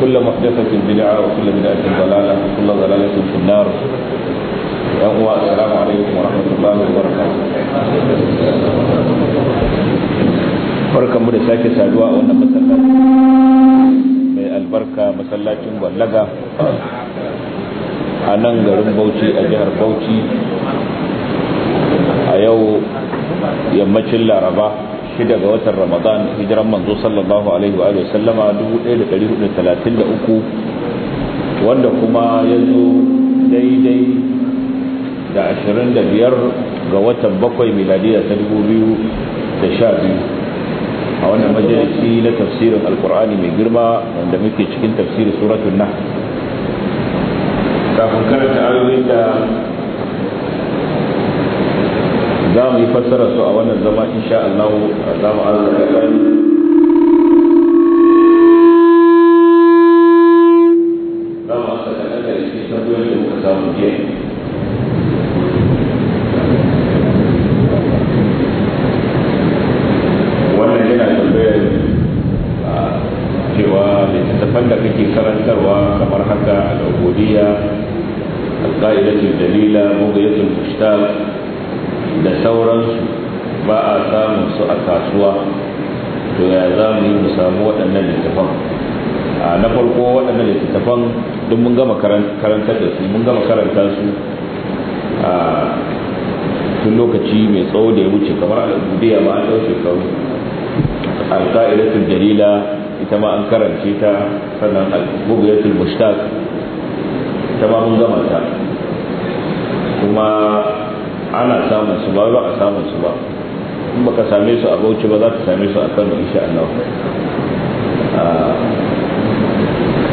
كل محدثة بدعة وكل بدعة ضلالة وكل ضلالة في النار يوم السلام عليكم ورحمة الله وبركاته barkanmu da sake saduwa a wannan masallaci mai albarka masallacin gwallaga a nan garin bauchi a jihar bauchi a yau yammacin laraba shida ga watan ramadan hijiran manzo sallallahu alaihi wa sallama 1433 wanda kuma ya zo daidai da 25 ga watan bakwai miladiya ta 2012 a wannan majalisi na tafsirin alkur'ani mai girma wanda muke cikin tafsirin suratun nahl kafin karanta ayoyin da za mu yi fassara su a wannan zama insha Allah za mu wannan yana tambayar cewa littattafan da kake karantarwa kamar haka al'ubudiyya al-qa'idatul dalila mughyatul mushtaq da sauransu ba a samun su a kasuwa to ya za mu yi mu samu waɗannan littafan a na farko waɗannan littattafan duk mun gama karantar da su mun gama karanta su a tun lokaci mai tsawo da ya wuce kamar al'ubudiya ma an ɗau shekaru alƙa'iratul jalila ita ma an karance ta sannan al'ubudiyatul mushtaq ita ma mun gama ta kuma ana samun su ba ba a samun su ba in baka same su a bauchi ba za ka same su a kano isha Allah ah,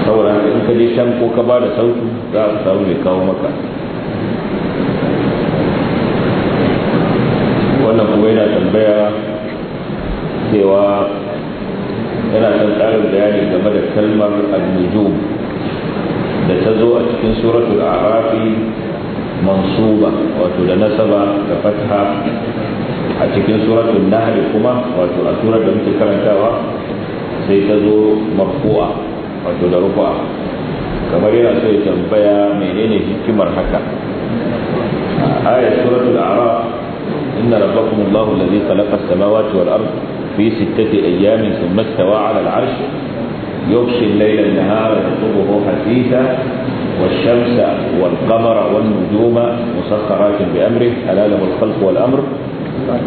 saboda in ka je shan ko ka ba da sautu za a samu mai kawo maka wannan kuma yana tambaya cewa yana son tsarin bayani game da kalmar al da ta zo a cikin suratul arafi mansuba wato da nasaba da fatha a cikin suratun nahl kuma wato a surar da muke karantawa sai ta zo marfu'a wato da rufa kamar yana so ya tambaya menene hikimar haka آية سورة الأعراف إن ربكم الله الذي خلق السماوات والأرض في a أيام ثم استوى على العرش يغشي الليل النهار يطلبه حديثا والشمس والقمر والنجوم مسخرات بأمره ألا له الخلق والأمر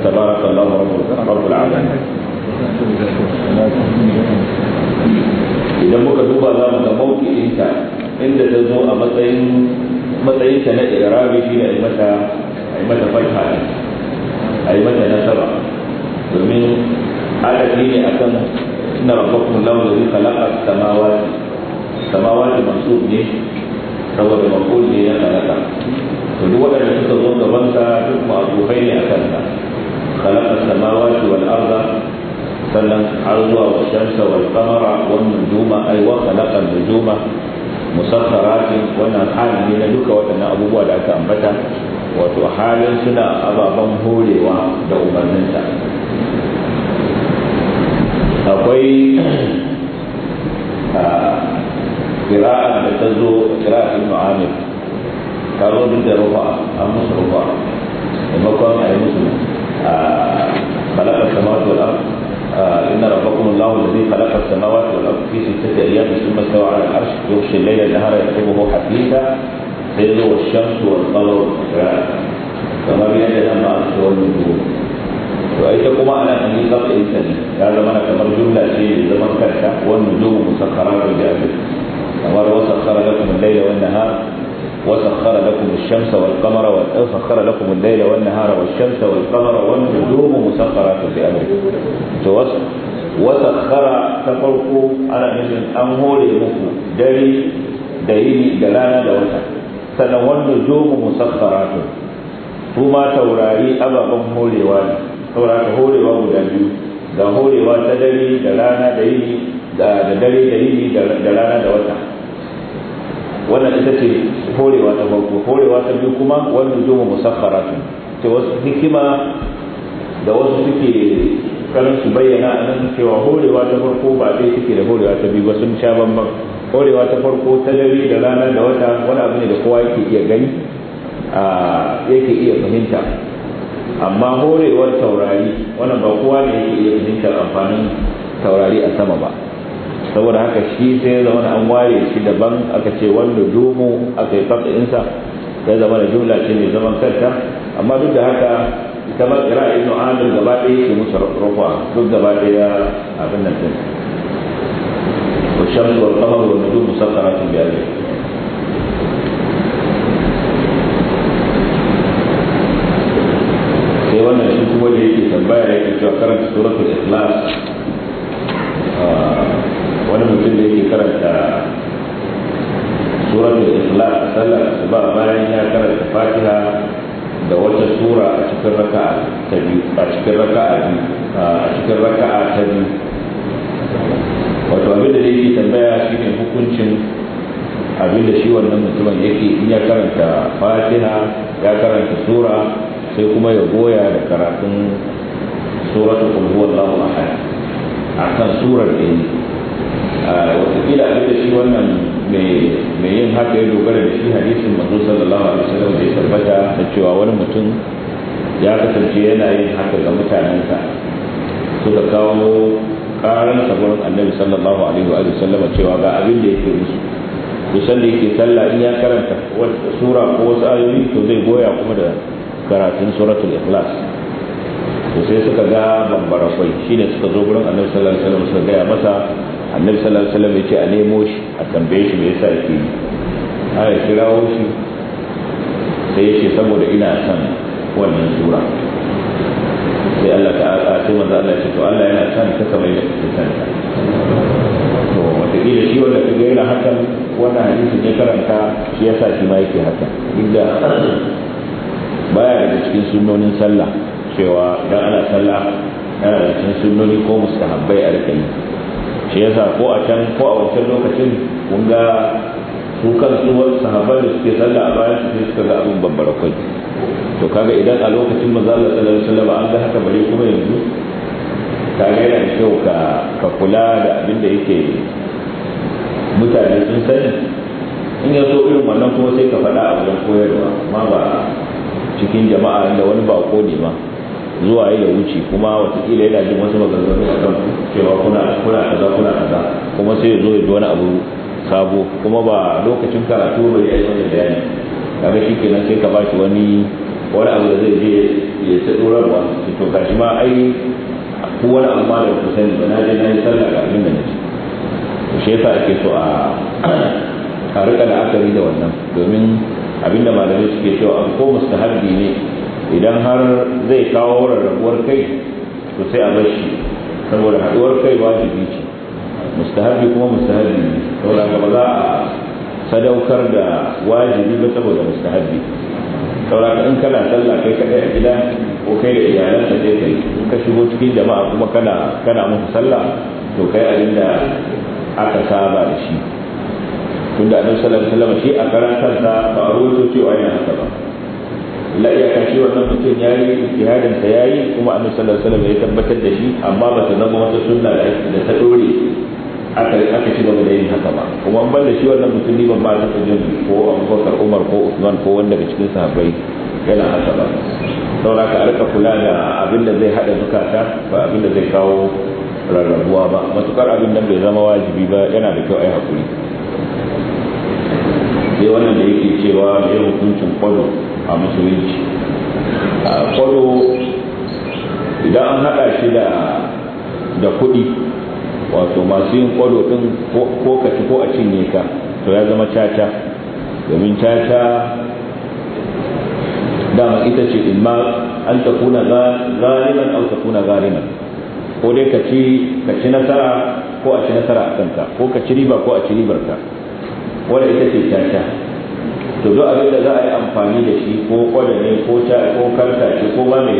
تبارك الله رب رب العالمين idan muka duba za mu ga mawki'inta inda ta zo a matsayin matsayinta na irabi shi ne a yi mata fata a yi mata nasaba domin adadi ne a kan na rabbakum lahu alladhi khalaqa as samawa samawati masu ne saboda makul ne ya halaka to duk waɗanda suka zo gabansa duk kai ne a kansa khalaqa samawati wal arda sannan har zuwa wa shamsa wal kamara wan nujuma ay wa khalaqa an nujuma wannan hali ne na duka waɗannan abubuwa da aka ambata wato halin suna ababen horewa da umarninta. akwai ah, قراءة بتزو قراءة ابن قالوا بنت رفع أمس رفع المقام أي مسلم آه، خلق السماوات والأرض آه، إن ربكم الله الذي خلق السماوات والأرض في ستة أيام ثم استوى على العرش يغشي الليل النهار يكتبه حديثا سيده والشمس والقمر كما بيد لما أرسل النجوم وأيت كما أنا أن قطع إنساني هذا ما أنا كمر جملة شيء إذا ما والنجوم مسخرات بأمره kamar wasakhara lakum al-layla wan nahar وسخر لكم الشمس والقمر وسخر لكم الليل والنهار والشمس والقمر والنجوم مسخرات بأمره وسخر تفرقوا على مثل أمهول مكو دري دليل دلانة دوتا sannan wannan jomu musakkaratu su ma taurari ababen horewa ne horewa guda biyu da horewa ta dare da rana da yini da dare da yi da rana da wata wannan ita ce horewa ta farko horewa ta biyu kuma wanda juma musakharatu ce wasu hikima da wasu suke kanin su bayyana a nan cewa horewa ta farko ba ɗaya suke da horewa ta biyu ba sun sha bambam horewa ta farko ta dare da rana da wata wani abu ne da kowa yake iya gani yake iya fahimta amma horewar taurari wannan ba kowa ne yake iya fahimtar amfanin taurari a sama ba saboda haka shi sai zama an ware shi daban aka ce wanda jumu aka yi insa sai zama da jumla ce mai zaman kanta amma duk da haka ita ma kira ibnu amir gaba ɗaya ke musu rufa duk gaba ɗaya abin nan din wa shamsu wal qamaru jumu nujumu tun bi ne. sai wannan shi kuma da yake tambaya yake cewa karanta karatun suratul kulhu wallahu ahad akan surar da wata ah, wataƙila abin da shi wannan mai yin haka ya dogara da shi hadisin manzo sallallahu alaihi wasallam da ya tabbata da cewa wani mutum ya kasance yana yin haka ga mutanensa da kawo karan sabon annabi sallallahu alaihi wa sallam cewa ga abin da yake musu kusan da yake sallah in ya karanta wata sura ko wasu ayoyi to zai goya kuma da karatun suratul ikhlas to sai suka ga bambara kwai shine suka zo gurin annabi sallallahu alaihi wasallam suka gaya masa annabi sallallahu alaihi wasallam ya ce a nemo shi a tambaye shi me yasa yake yi a ya kira shi sai ya saboda ina son wannan sura sai Allah aka sai manzo Allah ya ce to Allah yana san ka kamar da kake son to wataƙila shi wanda ka gaira hakan wannan hadisi ne karanta shi yasa shi ma yake haka inda baya da cikin sunnonin sallah cewa dan ana sallah yana da cin sunnoni ko mustahabbai a rika yi shi yasa ko a can ko a wancan lokacin kun ga su kansu sahabbai da suke sallah a bayan su suka ga abin babbar kwai to kaga idan a lokacin manzo Allah sallallahu alaihi wasallam an ga haka bare kuma yanzu kaga yana da kyau ka ka kula da abin da yake mutane sun sani in ya so irin wannan kuma sai ka faɗa a wajen koyarwa ma ba cikin jama'a da wani bako ne ma zuwa da wuce kuma watakila yana jin wasu maganganu a kan cewa kuna kuna kaza kuna kaza kuma sai ya zo ya ji wani abu sabo kuma ba lokacin karatu ba ya yi wani bayani kaga shi kenan sai ka bashi wani wani abu da zai je ya ta ɗorarwa to shi ma ai ko wani abu ma da ku sani ba na je na yi sallah ga abin da na ci to shi yasa ake so a rika da akari da wannan domin abinda malamai suke cewa abu ko mustahabbi ne idan har zai kawo rarrabuwar kai to sai a bar shi saboda haɗuwar kai wajibi ce mustahabi kuma mustahabi ne saboda ba za a sadaukar da wajibi ba saboda mustahabi saboda in kana sallah kai kaɗai a gida ko kai da iyalanka sai kai in ka shigo cikin jama'a kuma kana kana musu sallah to kai abin aka saba da shi tunda annabi sallallahu alaihi wasallam shi a karantar sa ba a rubuto cewa yana haka ba la iyaka shi wannan mutum ya yi ta yayi kuma annabi sallallahu alaihi wasallam ya tabbatar da shi amma ba ta zama wata sunna da ta dore aka aka ci gaba da yin haka ba kuma an banda shi wannan mutum ne ban ba ta jin ko Abubakar Umar ko Usman ko wanda daga cikin sahabbai yana haka ba saboda ka rika kula da abin da zai hada zukata ba abin da zai kawo rarrabuwa ba matukar abin nan bai zama wajibi ba yana da kyau a hakuri sai wannan da yake cewa mai hukuncin kwallo a musulunci kwado idan an haɗa shi da kuɗi wato masu yin kwado ɗin ko ka ci ko a cinye ka to ya zama caca domin caca dama ita ce ma an ta kuna zaliman au ta kuna zaliman ko dai ka ci nasara ko a ci nasara a kanta ko ka ci riba ko a ci ribar ka wadda ita ce caca to zo abin da za a yi amfani da shi ko kwadane ko ta ko karta shi ko ma ne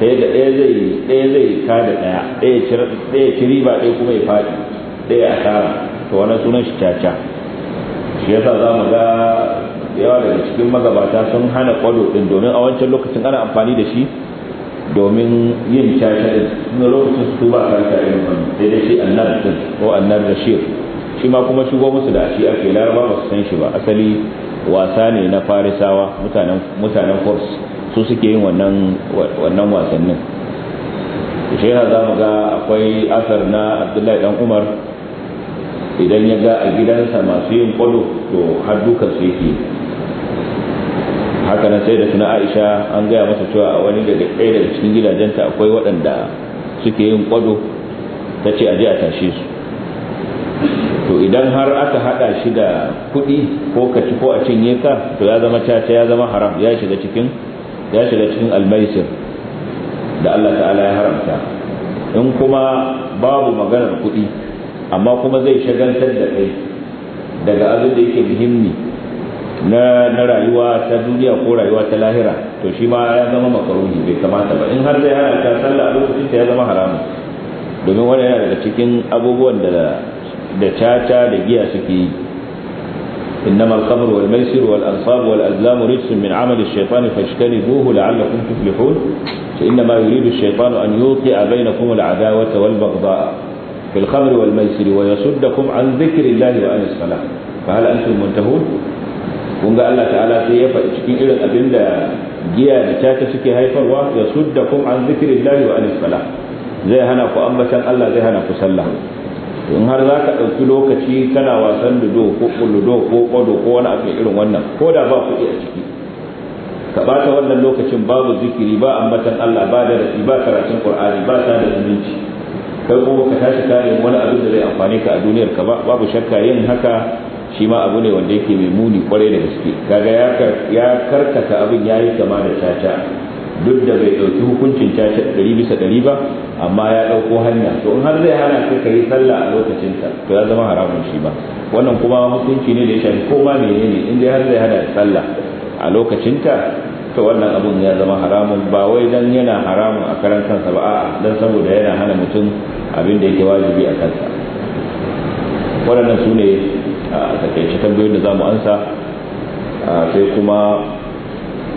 ta yadda ɗaya zai ɗaya zai ka da ɗaya ɗaya ci ɗaya ci riba ɗaya kuma ya faɗi ɗaya tara to wannan sunan shi caca shi yasa za mu ga yawa daga cikin magabata sun hana kwado ɗin domin a wancan lokacin ana amfani da shi domin yin caca din lokacin su ba karta irin wannan sai dai shi annar ɗin ko annar da shir shi ma kuma shigo musu da shi ake laraba ba su san shi ba asali wasa ne na farisawa mutanen mutanen force su suke yin wannan wannan wasannin shi ya za ga akwai asar na abdullahi dan umar idan ya ga a gidansa masu yin kwado to har dukan su yake haka nan sai da suna aisha an gaya masa cewa a wani daga ɗaya daga cikin gidajenta akwai waɗanda suke yin kwado ta ce a je a tashe su to idan har aka hada shi da kuɗi ko ka ko a cinye ka to ya zama caca ya zama haram ya shiga cikin ya shiga cikin almaisir da Allah ta'ala ya haramta in kuma babu maganar kuɗi amma kuma zai shagaltar da kai daga abin da yake muhimmi na na rayuwa ta duniya ko rayuwa ta lahira to shi ma ya zama makaruhi bai kamata ba in har zai hana ta sallah a lokacin ta ya zama haramun domin wani yana daga cikin abubuwan da da caca da giya suke yi إنما الخمر والميسر والأنصاب والأزلام رجس من عمل الشيطان فاجتنبوه لعلكم تفلحون فإنما يريد الشيطان أن يوقع بينكم العداوة والبغضاء في الخمر والميسر ويصدكم عن ذكر الله وعن الصلاة فهل أنتم منتهون؟ kun ga Allah ta'ala sai ya faɗi cikin irin abin da giya da caca suke haifarwa ya sudda kum an zikirin lahi wa anis zai hana ku ambatan Allah zai hana ku sallah in har za ka ɗauki lokaci kana wasan ludo ko ludo ko kwado ko wani abu irin wannan ko da ba kuɗi a ciki ka ɓata wannan lokacin babu zikiri ba ambatan Allah ba da rasi ba karatun Qur'ani ba sa da zumunci kai ko ka tashi kare wani abin da zai amfani ka a duniyar ka ba babu shakka yin haka shi ma abu ne wanda yake mai muni kwarai da gaske kaga ya karkata abin yayi kama da caca duk da bai ɗauki hukuncin caca ɗari bisa ɗari ba amma ya ɗauko hanya to in har zai hana ka kai sallah a lokacinta to ya zama haramun shi ba wannan kuma hukunci ne da ya shafi ko ma menene in dai har zai hana sallah a lokacinta to wannan abun ya zama haramun ba wai dan yana haramun a karan kansa ba a'a dan saboda yana hana mutum abin da yake wajibi a kansa waɗannan su ne a takaice tambayoyin da za mu ansa sai kuma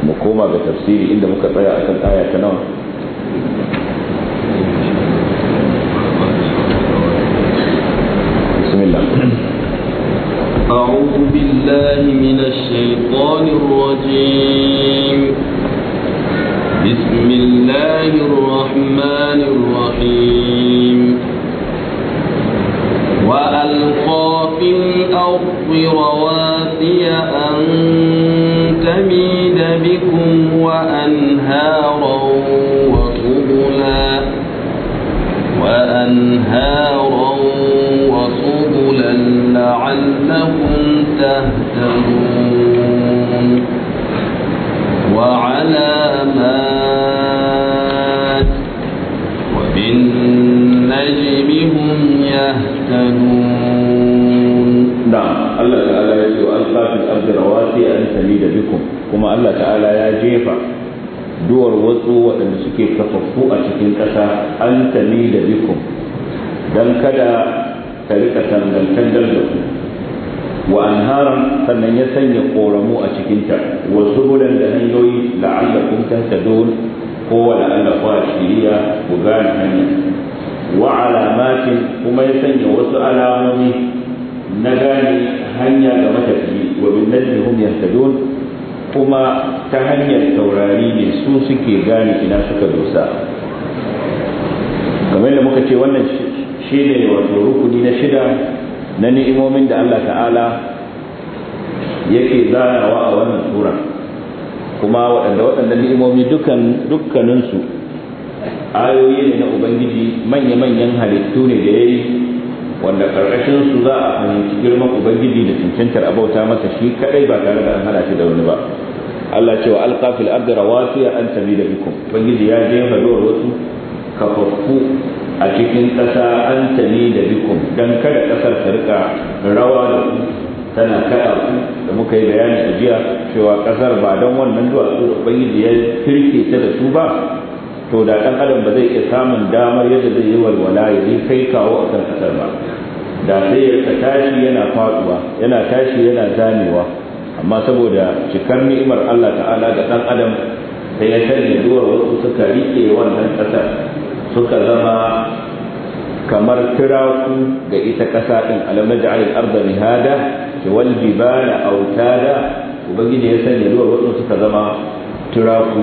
mu koma إلا tafsiri inda muka tsaya a kan aya أعوذ بالله من الشيطان الرجيم بسم الله الرحمن الرحيم وألقى في الأرض رواسي أن وأستميد بكم وأنهارا وسبلا وأنهارا وسبلا لعلكم تهتدون وعلامات وبالنجم هم يهتدون نعم الله تعالى يقول ardi rawasi an sami da bikum kuma Allah ta'ala ya jefa duwar wasu waɗanda suke kafaffu a cikin ƙasa an sami da bikum don kada ta rika tangantar da ku wa anharan sannan ya sanya ƙoramu a cikinta wasu subulan da hanyoyi la'allakum tahtadun ko wa a shiriya ku gane hanya wa alamatin kuma ya sanya wasu alamomi na gane hanya ga matafiyi wa bin najmi hum kuma ta hanyar taurari ne su suke gane ina suka dosa kamar da muka ce wannan shi ne wato rukuni na shida na ni'imomin da Allah ta'ala yake zanawa a wannan sura kuma waɗanda waɗannan ni'imomi dukkaninsu ayoyi ne na ubangiji manya-manyan halittu ne da ya yi wanda karkashin su za a fahimci girman ubangiji da cancantar abauta masa shi kadai ba tare da an hada shi da wani ba Allah ce wa alqa fil ardi rawasiya an da bikum ubangiji ya jefa dole wasu kafaffu a cikin ƙasa an da bikum dan kada ƙasar ta rika rawa da ku tana kada ku da muka yi bayani a jiya cewa ƙasar ba dan wannan duwatsu da ubangiji ya firke ta da su ba to da dan adam ba zai iya samun damar yadda zai yi walwala ya yi kai kawo a kan kasar ba da sai ya tashi yana faduwa yana tashi yana zanewa, amma saboda cikar ni'imar Allah ta'ala ga dan adam sai ya tare zuwa wasu suka riƙe wannan ƙasar suka zama kamar tiraku ga ita ƙasa ɗin alamaji alil arda mihada ki wal jibala autada ubangiji ya sanya ruwa wasu suka zama tiraku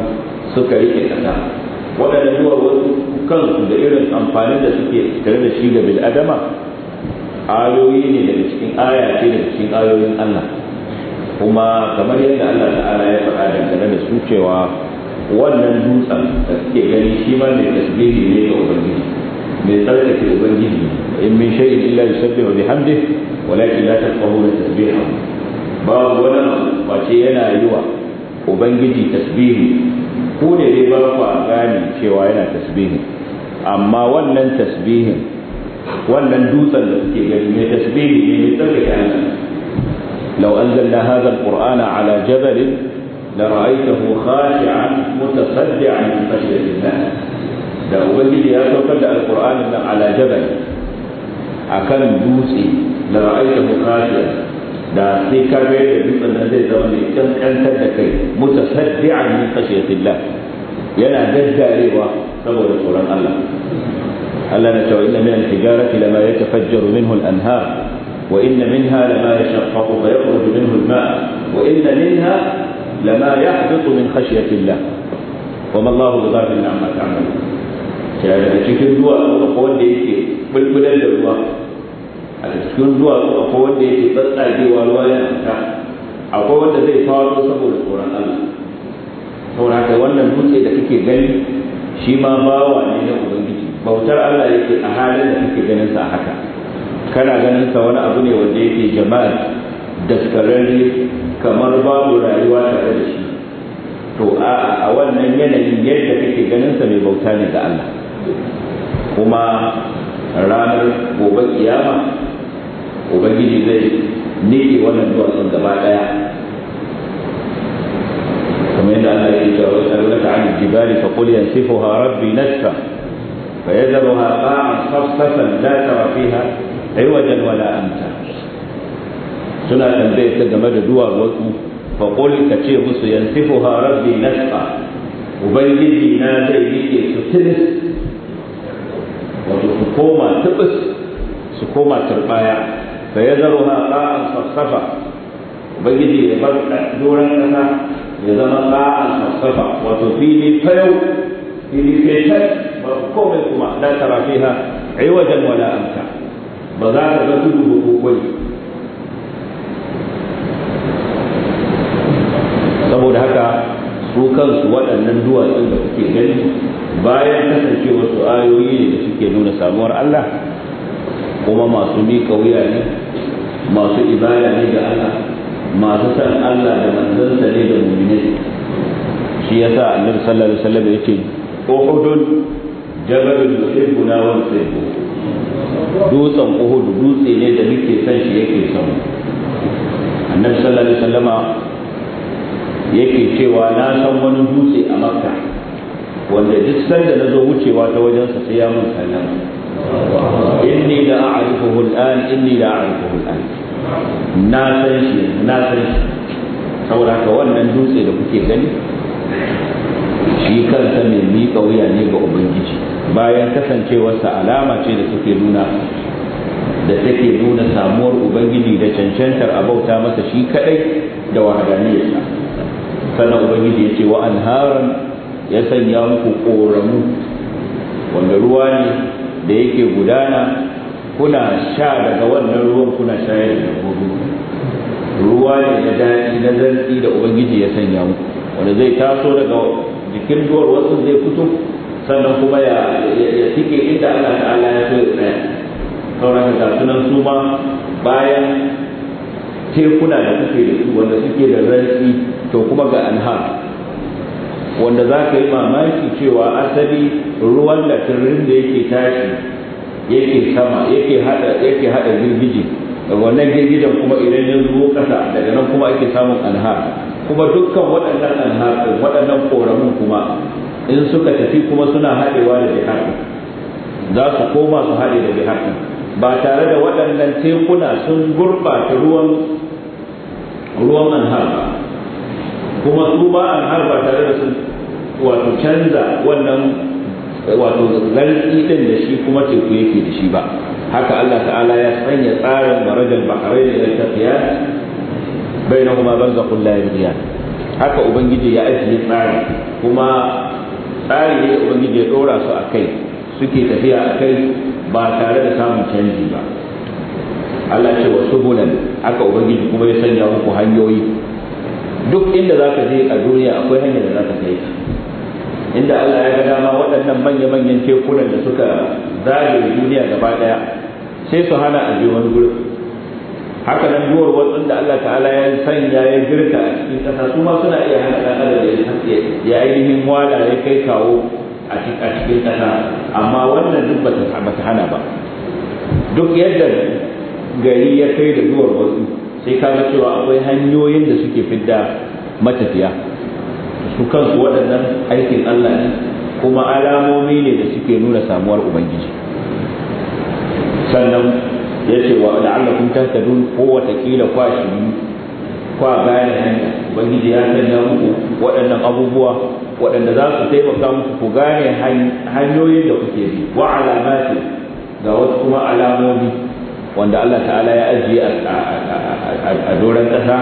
suka rike ƙasa waɗanda zuwa wasu kansu da irin amfanin da suke tare da shi ga bil'adama ayoyi ne daga cikin aya ce daga cikin ayoyin Allah kuma kamar yadda Allah ta'ala ya faɗa dangane da su cewa wannan dutsen da suke gani shi ma mai tasbihi ne ga ubangiji mai tsarkake ubangiji in min shay'in illa yusabbihu bihamdihi walakin la tafqahuna tasbihahu babu wani ce yana yiwa. ubangiji tasbihi ku ne dai ba ku gane cewa yana tasbihi amma wannan tasbihi wannan dutsen da kuke gani ne tasbihi ne ne tsarkake Allah law anzalna hadha alqur'ana ala jabalin لرأيته خاشعا متصدعا من خشية الله da ubangiji ya saukar da alkur'anin nan ala jabal akan dutse da ra'ayta mukashiya لا في كبير من هذه الزواني كم أن تدكي متصدعا من خشية الله ينا دجاري وصور صورا الله ألا نتوى إن من الحجارة لما يتفجر منه الأنهار وإن منها لما يشفق فيخرج منه الماء وإن منها لما يحبط من خشية الله وما الله بغافل عما تعمل يعني أشكر دواء وقول لي بالبلد الله a cikin zuwa akwai wanda yake tsatsagewa ruwa ya fita akwai wanda zai faro saboda tsoron Allah saboda haka wannan dutse da kake gani shi ma bawa ne na ubangiji bautar Allah yake a halin da kake ganin sa haka kana ganin sa wani abu ne wanda yake jama'a daskararre kamar babu rayuwa tare da shi to a wannan yanayin yadda kake ganin sa mai bauta ne ga Allah kuma ranar gobe kiyama ubangiji zai nike wannan duwatsun gaba daya kuma yadda Allah ya ce wa sarwata an jibali fa qul yansifuha rabbi nasfa fa yadruha qa'an safsatan la tara fiha aywajan wala amta suna tambaye ta game da duwa duwatsu fa qul ka ce musu yansifuha rabbi nasfa ubangiji na zai nike su tilis wato su koma tubus su koma turbaya فيذرها قاعا صفصفا وبيجي يبقى دورا لها يذرها قاعا صفصفا وتفيد الفيو إلي كيشت مركوم الكمع لا ترى فيها عوجا ولا أمتع بذات تقوله بقوي سبو دهكا سوكان سوال أنن دوا سنة كيشت bayan kasancewar su ayoyi ne da suke nuna samuwar Allah kuma masu bi kauya ne masu ibada ne ga Allah masu san Allah da manzansa ne da mu'minai shi yasa annabi sallallahu alaihi wasallam yake uhudun jabalul yuhibbuna wa yuhibbu dutsen uhud dutse ne da muke san shi yake son annabi sallallahu alaihi wasallama yake cewa na san wani dutse a makka wanda duk sanda na zo wucewa ta wajensa sai ya mun sallama inni la a'rifuhu al'an inni la a'rifuhu al'an na san shi na san shi saboda ka wannan dutse da kuke gani shi kansa mai miƙa wuya ne ga ubangiji bayan kasancewarsa alama ce da suke nuna da take nuna samuwar ubangiji da cancantar abauta masa shi kadai da wahadaniyarsa sannan ubangiji ya ce wa anharan ya sanya muku koramu wanda ruwa ne da yake gudana kuna sha daga wannan ruwan kuna shayar da dabbobi ruwa ne na daɗi na zartsi da ubangiji ya sanya mu wanda zai taso daga jikin duwar wasu zai fito sannan kuma ya tike inda Allah ala ya so ya tsaye sauran sunan su ma bayan tekuna da suke da su wanda suke da zartsi to kuma ga anhar wanda za ka yi mamaki cewa asali ruwan da turin da yake tashi yake sama yake hada yake hada girgije da wannan girgijen kuma idan ya zo kasa daga nan kuma ake samun anhar kuma dukkan waɗannan anhar waɗannan koramin kuma in suka tafi kuma suna haɗewa da jihar za su koma su haɗe da jihar ba tare da waɗannan tekuna sun gurɓata ruwan ruwan alhar ba kuma su ba alhar ba tare da sun wato canza wannan wato zarki din da shi kuma teku yake da shi ba haka Allah ta'ala ya sanya tsarin marajal bahrain da tafiya bainahuma barzakhun la yabghiyan haka ubangiji ya ajiye tsari kuma tsari ne ubangiji ya dora su akai suke tafiya akai ba tare da samun canji ba Allah ce wa subulan haka ubangiji kuma ya sanya muku hanyoyi duk inda zaka je a duniya akwai hanyar da zaka kai inda Allah ya ga dama waɗannan manya-manyan tekunan da suka zage duniya gaba ɗaya sai su hana a je wani gurin haka nan duwar watsun da Allah ta'ala ya sanya ya girka a cikin ƙasa su ma suna iya hana ɗan adam ya yi ainihin wala ya kai kawo a cikin ƙasa amma wannan duk ba ta hana ba duk yadda gari ya kai da duwar watsu sai kaga cewa akwai hanyoyin da suke fidda matafiya su kansu waɗannan aikin Allah ne kuma alamomi ne da suke nuna samuwar ubangiji sannan ya ce wa la'allakum tahtadun ko watakila kwa shi kwa gane hanya ubangiji ya sanya muku waɗannan abubuwa waɗanda za su taimaka muku ku gane hanyoyin da kuke bi wa alamati ga wasu kuma alamomi wanda Allah ta'ala ya ajiye a doron ƙasa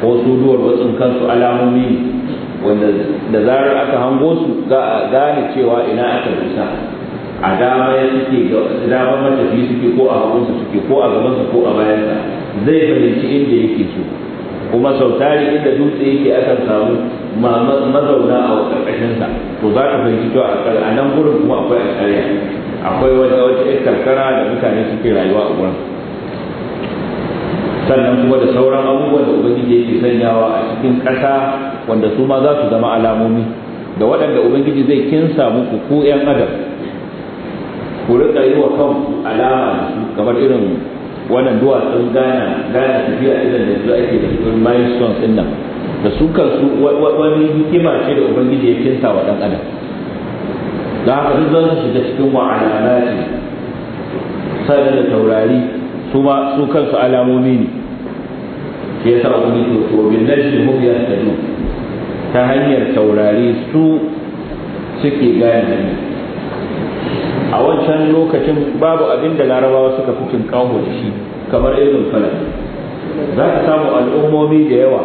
ko su duwar wasu kansu alamomi wanda da zarar aka hango su za a gane cewa ina aka bisa a dama ya suke dama matafi suke ko a su suke ko a su ko a sa zai fahimci inda yake so kuma sau tari inda dutse yake akan samu mazauna a sa to za ka fahimci to a nan gurin kuma akwai a akwai wata wata karkara da mutane suke rayuwa a gurin sannan kuma da sauran abubuwan da ubangiji yake sanyawa a cikin ƙasa wanda su ma za su zama alamomi da waɗanda ubangiji zai kinsa muku ko 'yan adam ku rika yi wa kanku alama da su kamar irin wannan duwatsun gana gana tafiya irin da su ake da su milestones ɗin nan da su kansu wani hikima ce da ubangiji ya kinsa wa ɗan adam da haka duk za su shiga cikin wa'alamati sannan da taurari su kansu alamomi ne shi yasa ubangiji to bin najmi ya yahtadun ta hanyar taurari su suke gane a wancan lokacin babu abin da larabawa suka fi kawo da shi kamar irin kala za ka samu al'ummomi da yawa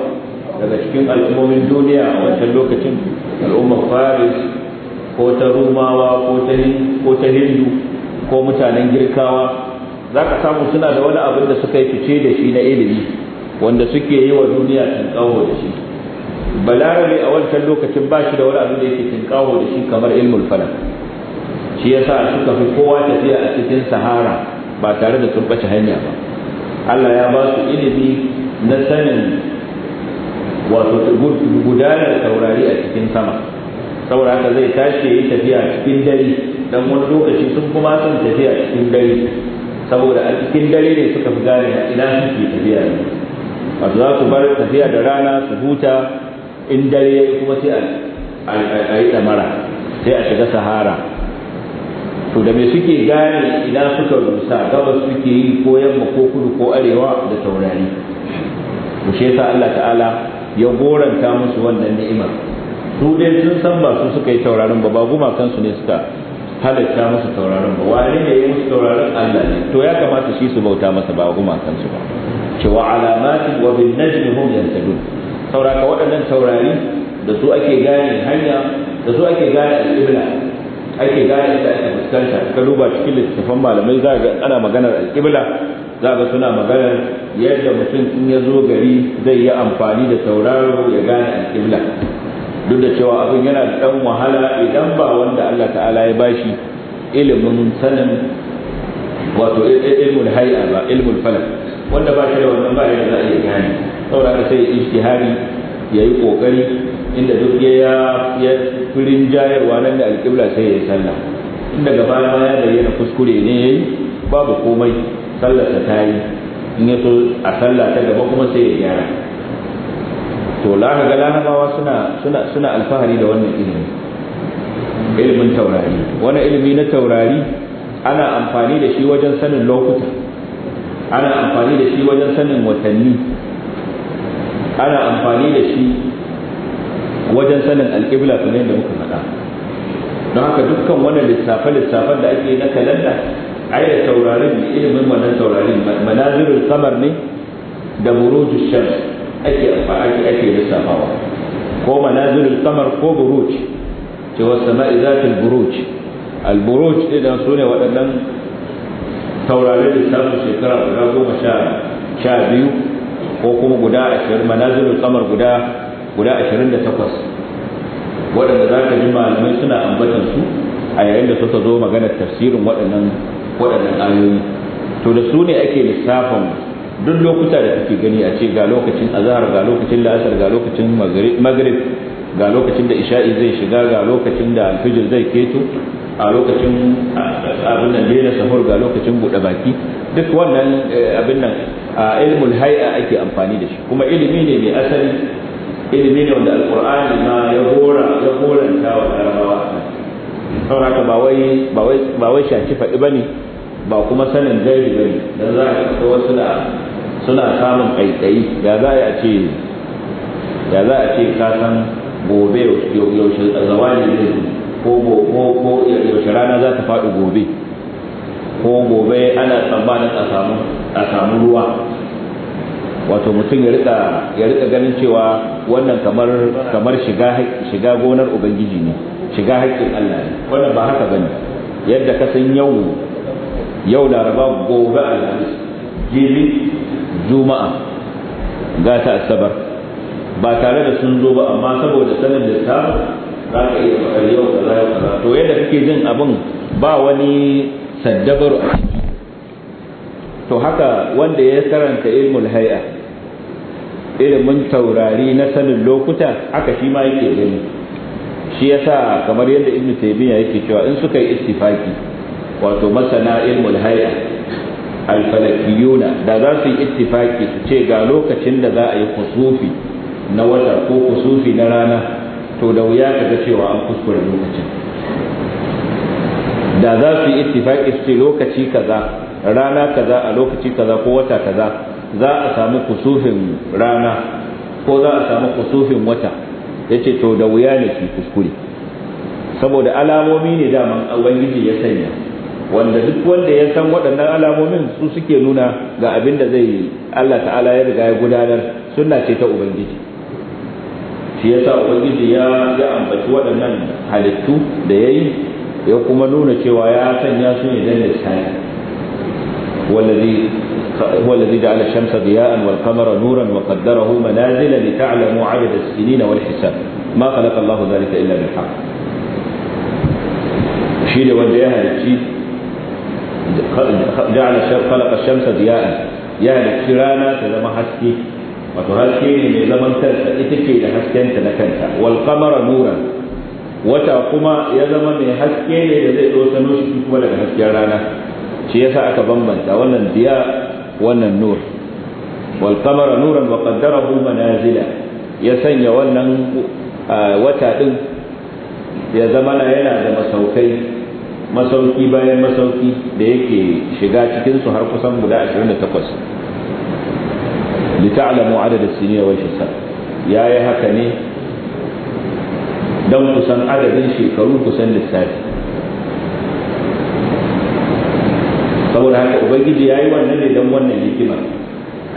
daga cikin al'ummomin duniya a wancan lokacin al'ummar faris ko ta rumawa ko ta hindu ko mutanen girkawa za ka samu suna da wani abin da suka yi fice da shi na ilimi wanda suke yi wa duniya tinkawo da shi balarabe a wancan lokacin ba shi da wani abu da yake tinkawo da shi kamar ilmul falak shi yasa suka fi kowa tafiya a cikin sahara ba tare da sun bace hanya ba Allah ya ba su ilimi na sanin wato gudanar saurari a cikin sama saboda haka zai tashi yi tafiya cikin dare dan wani lokaci sun kuma sun tafiya cikin dare saboda a cikin dare ne suka fi gane ina suke tafiya ne wato za su bar tafiya da rana su huta in dare ya yi kuma sai a yi damara sai a shiga sahara to da me suke gane ina suka rusa gabas suke yi ko yamma ko kudu ko arewa da taurari to shi yasa Allah ta'ala ya goranta musu wannan ni'imar su dai sun san ba su suka yi taurarin ba ba gumakan ne suka halitta masa tauraron ba wani ne ya musu taurarin Allah ne to ya kamata shi su bauta masa ba gumakan su ba cewa alamati wa bin najmi hum yahtadun sauraka waɗannan taurari da su ake gane hanya da su ake gane alƙibla ake gane da ake fuskanta ka duba cikin littattafan malamai za ga ana maganar alƙibla za ga suna maganar yadda mutum in ya zo gari zai yi amfani da tauraro ya gane alƙibla duk da cewa abin yana da ɗan wahala idan ba wanda Allah ta'ala ya bashi ilimin sanin wato ilmul hay'a ba ilmul falak wanda ba shi da wannan ba ya za a yi gani saboda haka sai ijtihadi yayi kokari inda duk ya ya firin jayarwa nan da alƙibla sai ya sallah inda gaba ya bayyana kuskure ne yayi babu komai sallar ta yi in ya a sallah ta gaba kuma sai ya gyara to la ga larabawa suna suna suna alfahari da wannan ilimi ilimin taurari Wani ilimi na taurari ana amfani da shi wajen sanin lokuta ana amfani da shi wajen sanin watanni ana amfani da shi wajen sanin alƙibla kamar da muka faɗa don haka dukkan wani lissafe-lissafen da ake na kalanda ai da taurarin ilimin wannan taurarin manazirin samar ne da burujus shams ake amfani ake lissafawa ko manazilul qamar ko buruj ce wasu sama'i buruj al buruj idan su ne waɗannan taurari da samu shekara guda goma sha biyu ko kuma guda ashirin manazilul qamar guda guda ashirin da takwas waɗanda za ka ji malamai suna ambatan su a yayin da suka zo maganar tafsirin waɗannan waɗannan ayoyi to da su ne ake lissafin duk lokuta da kake gani a ce ga lokacin azhar ga lokacin la'asar ga lokacin maghrib ga lokacin da isha'i zai shiga ga lokacin da alfijir zai keto a lokacin abin nan da sahur ga lokacin buɗe baki duk wannan eh, abin nan a ilmul hay'a ake amfani da shi kuma ilimi ne mai asali ilimi ne wanda alqur'ani ma ya hora ya horanta wa larabawa saboda ba wai ba wai ba wai shaci faɗi bane ba kuma sanin gari bane dan za a ko wasu da suna samun ƙaiƙayi da za a ce ya za a ce ka san gobe yaushe zawani zai ko ko ko yaushe rana za ta faɗi gobe ko gobe ana tsammanin a samu a samu ruwa wato mutum ya rika ya rika ganin cewa wannan kamar kamar shiga shiga gonar ubangiji ne shiga haƙƙin Allah ne wannan ba haka bane yadda ka san yau yau laraba gobe alhamis jibi juma'a ta asabar ba tare da sun zo ba amma saboda sanin da ta za ka iya faɗar yau kaza yau kaza to yadda kake jin abin ba wani saddabaru to haka wanda ya karanta ilmul hay'a ilimin taurari na sanin lokuta haka shi ma yake gani shi yasa kamar yadda ibnu taymiya yake cewa in suka yi istifaki wato masana ilmul hay'a alfalakiyuna da za su yi ittifaki su ce ga lokacin da za a yi kusufi na wata ko kusufi na rana to da wuya ka ga cewa an kuskure lokacin da za su yi ittifaki su ce lokaci kaza rana kaza a lokaci kaza ko wata kaza za a samu kusufin rana ko za a samu kusufin wata yace to da wuya ne ki kuskure saboda alamomi ne daman ubangiji ya sanya wanda duk wanda ya san waɗannan alamomin su suke nuna ga abin da zai Allah ta'ala ya riga ya gudanar suna ce ta ubangiji shi yasa ubangiji ya ya ambaci waɗannan halittu da yayi ya kuma nuna cewa ya sanya su ne dan lissafi wallazi wallazi ja'ala shamsa diya'an wal qamara nuran wa qaddarahu manazila li ta'lamu 'adada as-sinina wal hisab ma khalaqa Allahu dhalika illa bil haqq shi ne wanda ya halicci ja'ala ya halicci rana ta zama haske wato haske ne mai zaman kansa ita ke da haskenta na kanta wal qamara nuran wata kuma ya zama mai haske ne da zai dosano shi kuma daga hasken rana shi yasa aka bambanta wannan diya wannan nur nuran wa qaddarahu manazila ya sanya wannan wata ya zama yana da masaukai masauki bayan masauki da yake shiga cikinsu har kusan guda 28 lita'lamu adadin sinin wa hisab ya yi haka ne don kusan adadin shekaru kusan lissafi saboda haka ubangiji ya yi wannan ne don wannan hikimar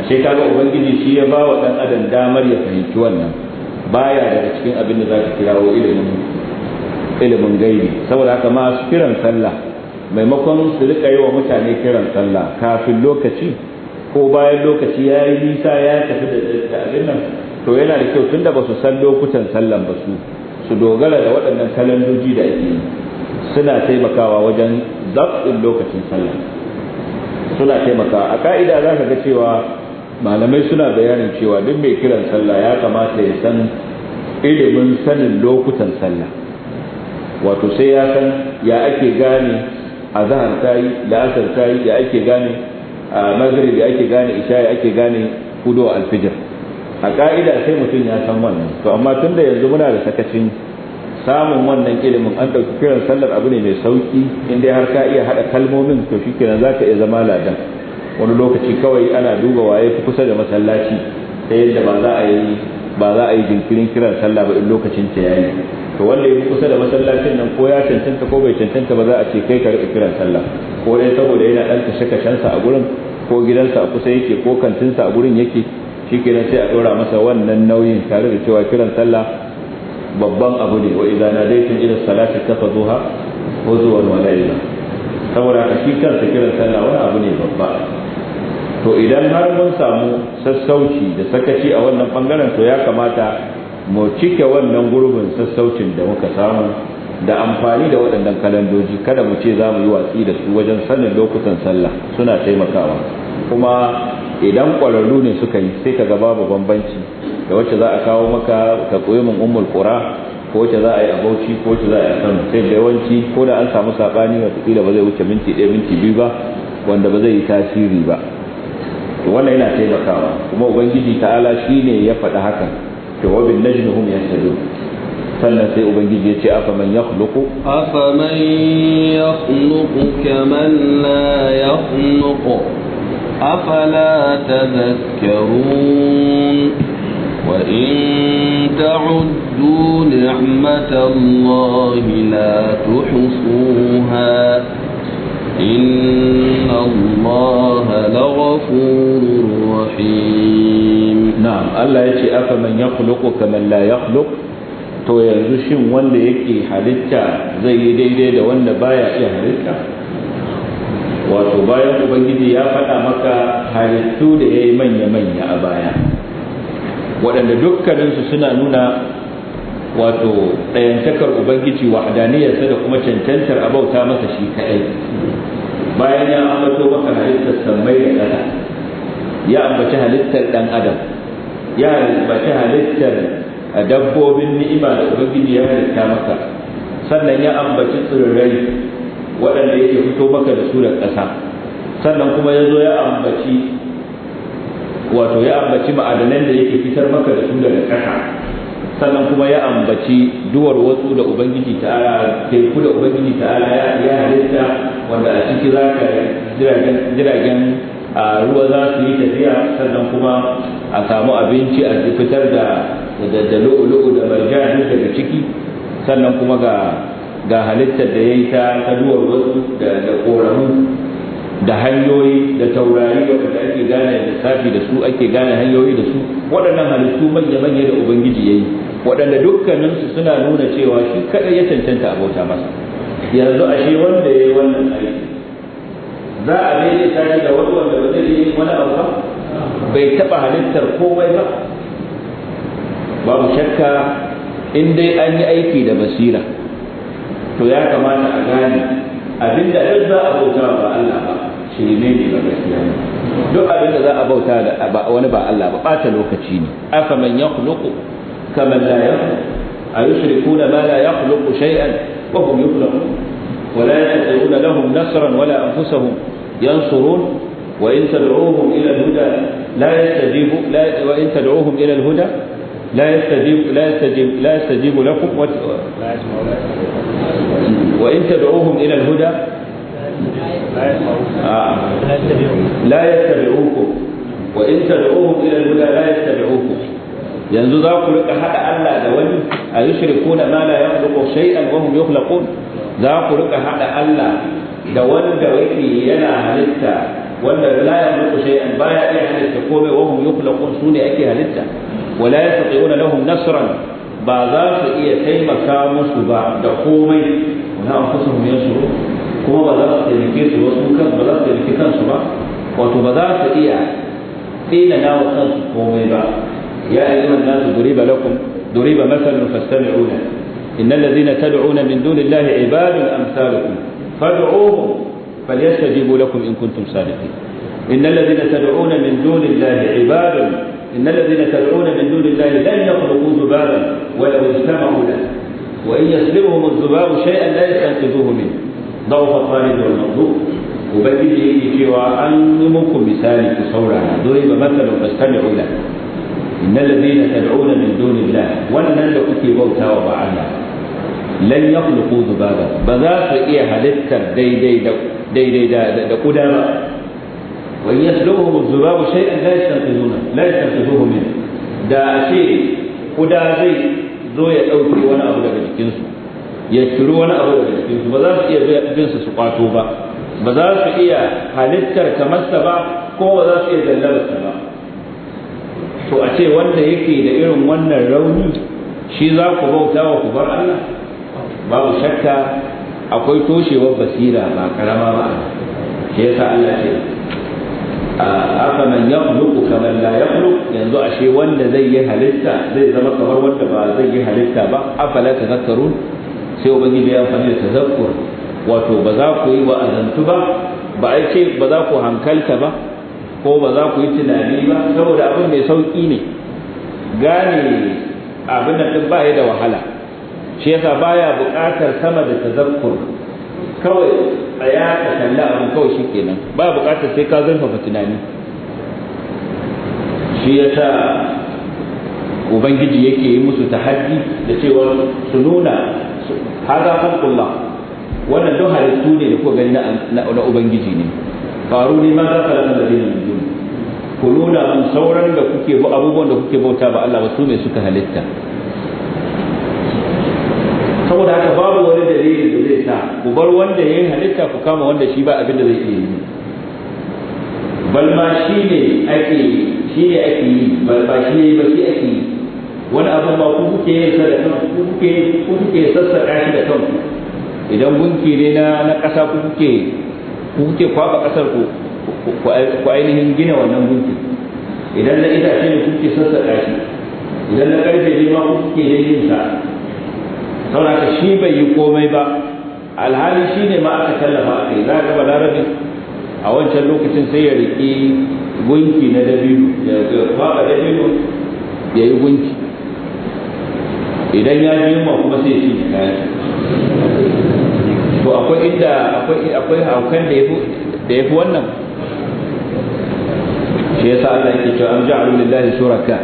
a shekaru ubangiji shi ya ba wa ɗan adam damar ya fahimci wannan baya daga cikin abin da za ka kirawo ilimin ilimin gaibi saboda haka masu kiran sallah maimakon su rika yi wa mutane kiran sallah kafin lokaci ko bayan lokaci ya yi nisa ya tafi da abin nan to yana da kyau tunda ba su san lokutan sallan ba su su dogara da waɗannan kalandoji da ake suna taimakawa wajen zaɓin lokacin sallah suna taimakawa a ka'ida za ka ga cewa malamai suna bayanin cewa duk mai kiran sallah ya kamata ya san ilimin sanin lokutan sallah wato sai ya san ya ake gane a zahar ta yi la'asar ta yi ya ake gane a maghrib ya ake gane isha ya ake gane hudu alfijir a ka'ida sai mutum ya san wannan to amma tun da yanzu muna da sakacin samun wannan ilimin an ɗauki kiran sallar abu ne mai sauki in dai har ka iya haɗa kalmomin to kenan za ka iya zama ladan wani lokaci kawai ana duba waye fi kusa da masallaci ta yadda ba za a yi ba za a yi jinkirin kiran sallah ba in lokacin ta yayi to wanda yake kusa da masallacin nan ko ya cancanta ko bai cancanta ba za a ce kai ka riƙa kiran sallah ko dai saboda yana ɗan kashe shansa a gurin ko gidansa a kusa yake ko kantinsa a gurin yake shikenan sai a ɗora masa wannan nauyin tare da cewa kiran sallah babban abu ne wa idza nadaytum ila salati tafaduha huzuwan wa laila saboda ka shi kansa kiran sallah wani abu ne babba to idan har mun samu sassauci da sakaci a wannan bangaren to ya kamata mu cike wannan gurbin sassaucin da muka samu da amfani da waɗannan kalandoji kada mu ce za mu yi watsi da su wajen sanin lokutan sallah suna taimakawa kuma idan ƙwararru ne suka yi sai ka ga babu bambanci da wacce za a kawo maka ka koyi min ummul ko wacce za a yi a bauchi ko wacce za a yi a sai da yawanci ko da an samu saɓani wataƙila ba zai wuce minti ɗaya minti biyu ba wanda ba zai yi tasiri ba to wannan yana taimakawa kuma ubangiji ta'ala shine ya faɗi hakan كعب النجم هم يهتدون فلنسي أبنجي يتي أفمن يخلق أفمن يخلق كمن لا يخلق أفلا تذكرون وإن تعدوا نعمة الله لا تحصوها إن الله لغفور رحيم na'am Allah ya ce afa man yakhluqu kaman la yakhluq to yanzu shin wanda yake halitta zai yi daidai da wanda baya iya halitta wato bayan ubangiji ya faɗa maka halittu da ya yi manya-manya a baya waɗanda dukkaninsu suna nuna wato ɗayantakar ubangiji wahdaniyarsa da kuma cancantar abauta masa shi kaɗai bayan ya ambato maka halittar sammai da ƙasa ya ambaci halittar ɗan adam ya halmaci halittar dabbobin ni'ima da ubangiji ya halitta maka sannan ya ambaci tsirrai waɗanda yake fito maka da su da ƙasa sannan kuma ya zo ya ambaci wato ya ambaci ma'adanan da yake fitar maka da su daga ƙasa sannan kuma ya ambaci duwar wasu da ubangiji ta'ala teku da ubangiji ta'ala ya halitta wanda a ciki za ka jiragen ruwa za su yi tafiya sannan kuma a samu abinci a fitar da da lu'ulu'u da marjani daga ciki sannan kuma ga ga halittar da ya yi ta duwar wasu da da koramu da hanyoyi da taurari waɗanda ake gane lissafi da su ake gane hanyoyi da su waɗannan halittu manya-manya da ubangiji ya yi waɗanda dukkaninsu suna nuna cewa shi kaɗai ya cancanta abota masa yanzu ashe wanda ya yi wannan aiki za a daidaita shi da wani wanda ba zai yi wani abu ba bai taba halittar komai ba babu shakka in dai an yi aiki da basira to ya kamata a gane abinda duk za a bauta ba Allah ba shi ne ne ba gaskiya duk abinda za a bauta da ba wani ba Allah ba bata lokaci ne afa man yakhluqu kaman la yakhluqu ayushrikuna ma la yakhluqu shay'an wa hum yukhluqun ولا يستطيعون لهم نصرا ولا أنفسهم ينصرون وإن تدعوهم إلى الهدى لا يستجيب لا وإن تدعوهم إلى الهدى لا يستجيب لا يستجيب لا يستجيب لكم وإن تدعوهم إلى الهدى آه. لا يتبعوكم وإن تدعوهم إلى الهدى لا يتبعوكم yanzu ذاك لك حتى ألا Allah أيشركون ما لا يخلق شيئا وهم يخلقون ذاك لك حتى ألا za ku ينا هلتا wanda la yakhluqu shay'an baya iya halitta komai wa hum yukhlaqun su ne ake halitta wala yastati'una lahum nasran ba za su iya taimaka musu ba da komai wala anfusuhum yansuru kuma ba za su taimake su wasu kan ba za su taimake kansu ba wato ba za su iya tsina na wa kansu komai ba ya ayyuhan nasu duriba lakum duriba masalun fastami'una إن الذين تدعون من دون الله عباد أمثالكم فادعوهم فليستجيبوا لكم إن كنتم صادقين إن الذين تدعون من دون الله عبادا إن الذين تدعون من دون الله لن يخلقوا ذبابا ولو اجتمعوا له وإن يسلبهم الذباب شيئا لا يستنقذوه منه ضعف الطالب والمطلوب وبدل في وأنمكم بسالك تصور على ضرب مثلا فاستمعوا له إن الذين تدعون من دون الله ولن يؤتي موتا وبعلا لن يخلقوا ذبابا بذات إيه هلتر ديدي دي دي دي daidai da da kudama wa yasluhum az-zubabu shay'an la yastanqiduna la yastanqiduhu min da ce kuda zai zo ya dauke wani abu daga jikinsu ya shiru wani abu daga jikinsu ba za su iya bin su su kwato ba ba za su iya halittar kamar sa ba ko ba za su iya zallabar sa ba to a ce wanda yake da irin wannan rauni shi za ku bauta wa ku bar Allah babu shakka akwai toshewar basira ba karama ba shi yasa Allah ce aka man yakhluqu kaman la yakhluq yanzu ashe wanda zai yi halitta zai zama kamar wanda ba zai yi halitta ba afala tazakkarun sai ubangiji ya amfani da tazakkur wato ba za ku yi wa'azantu ba ba a ce ba za ku hankalta ba ko ba za ku yi tunani ba saboda abin mai sauƙi ne gane abin da ba ya da wahala shi yasa baya buƙatar sama da tazakkur kawai a yaɗa kalla abu kawai shi kenan ba buƙatar sai ka zurfafa tunani shi yasa ubangiji yake yi musu tahaddi da cewa su nuna haza kullah wannan duk halittu ne da kuka gani na ubangiji ne faru ne ma za ka rasa da ku nuna mun sauran da kuke abubuwan da kuke bauta ba Allah ba su mai suka halitta saboda haka babu wani dalili da zai sa ku bar wanda ya yi halitta ku kama wanda shi ba abin da zai iya yi ma shi ne ake shi ne ake yi ba shi ne ba shi ake yi wani abin ba ku kuke yin sa da kanku ku kuke ku kuke sassaƙa shi da kanku idan gunki ne na na ƙasa ku kuke ku kuke kwaba ƙasar ku ku ainihin gina wannan gunki idan na itace ne ku kuke sassaƙa shi idan na ƙarfe ne ma ku kuke yin sa saboda shi bai yi komai ba alhali shi ne ma aka tallafa aka yi za ka ba larabin a wancan lokacin sai ya riƙi gunki na dabino ya kwaɓa dabino ya yi gunki idan ya ji yunwa kuma sai shi kayan to akwai inda akwai haukan da yafi da yafi wannan shi yasa Allah yake cewa am ja'alu lillahi shuraka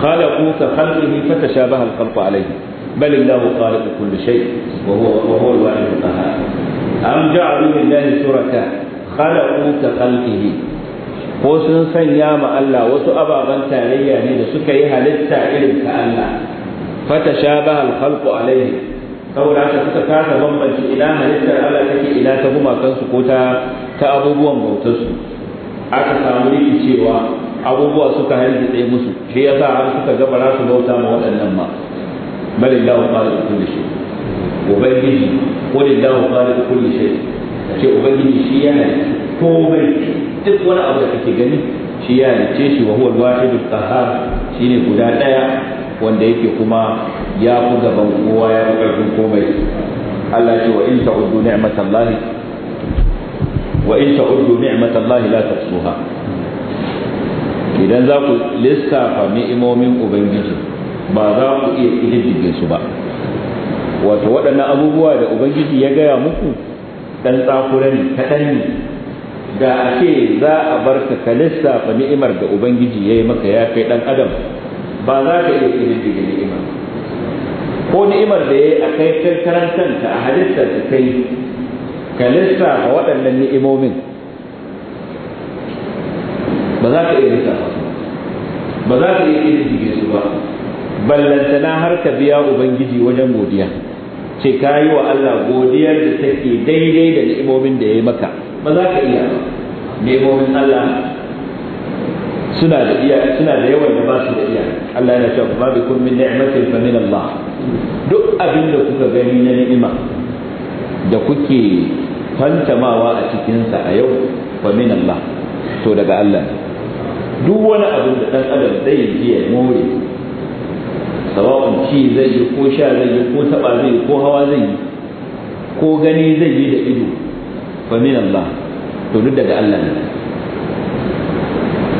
khalaqu ka khalqihi fatashabaha al-khalqu alayhi بل الله خالق كل شيء وهو وهو الواحد القهار أم جعلوا لله شركاء خلقوا كخلقه ko sun sanya ma Allah wasu ababen tarayya ne da suka yi halitta irin ka Allah fata shabaha al-khalqu alayhi saboda haka suka kasa bambanci ina halittar Allah take ina ta gumakansu su ko ta ta abubuwan bautarsu, aka samu rikicewa abubuwa suka hargitse musu shi yasa har suka gabara su bauta ma waɗannan ma balillahu khaliqu kulli shay ubangiji walillahu khaliqu kulli shay ce ubangiji shi ya komai duk wani abu da kake gani shi ya halice shi wa huwa al-wahidul qahhar shine guda ɗaya wanda yake kuma ya fi gaban kowa ya fi karfin komai Allah ce wa in ta'uddu ni'matallahi wa la tuhsuha idan za ku lissafa ni'imomin ubangiji ba za ku iya ƙididdige su ba wato waɗannan abubuwa da ubangiji ya gaya muku ɗan tsakura ne kaɗan ne da ake za a bar ka ka lissafa ni'imar da ubangiji ya yi maka ya kai ɗan adam ba za ka iya ƙididdige ni'imar ko ni'imar da ya yi a kai kai ta a halittar da kai ka lissafa waɗannan ni'imomin ba za ka iya lissafa su ba za ka iya ƙididdige su ba ballantana har ka biya ubangiji wajen godiya ce ka yi wa Allah godiyar da take daidai da ni'imomin da ya yi maka ba za ka iya ba ni'imomin Allah suna da iya suna da yawan da ba su da iya Allah yana cewa ba bi kun min ni'matin fa min Allah duk abin da kuka gani na ni'ima da kuke fantamawa a cikin sa a yau fa min Allah to daga Allah duk wani abin da dan adam zai iya more sawa'un ci zai yi ko sha zai yi ko taba zai yi ko hawa zai yi ko gani zai yi da ido fa min Allah to duk daga Allah ne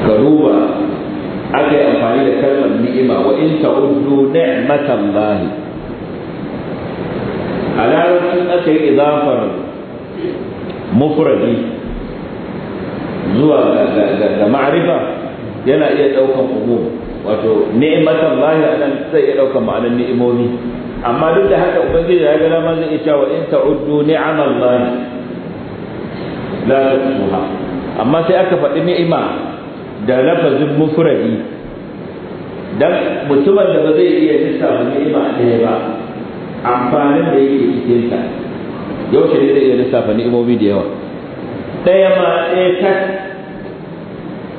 ka duba aka yi amfani da kalmar ni'ima wa in ta'uddu ni'matan lahi a larabcin aka yi idafar mufradi zuwa ga ma'arifa yana iya ɗaukan umum wato ni'matan lahi anan zai iya ɗaukar ma'anar ni'imomi amma duk da haka ubangiji ya ga lamar zai iya in ta uddu ni'amal lahi la tuha amma sai aka faɗi ni'ima da lafazin mufradi dan mutumin da ba zai iya lissafa ni'ima ɗaya ba amfanin da yake cikin ta yaushe ne zai iya lissafa ni'imomi da yawa ɗaya ma ɗaya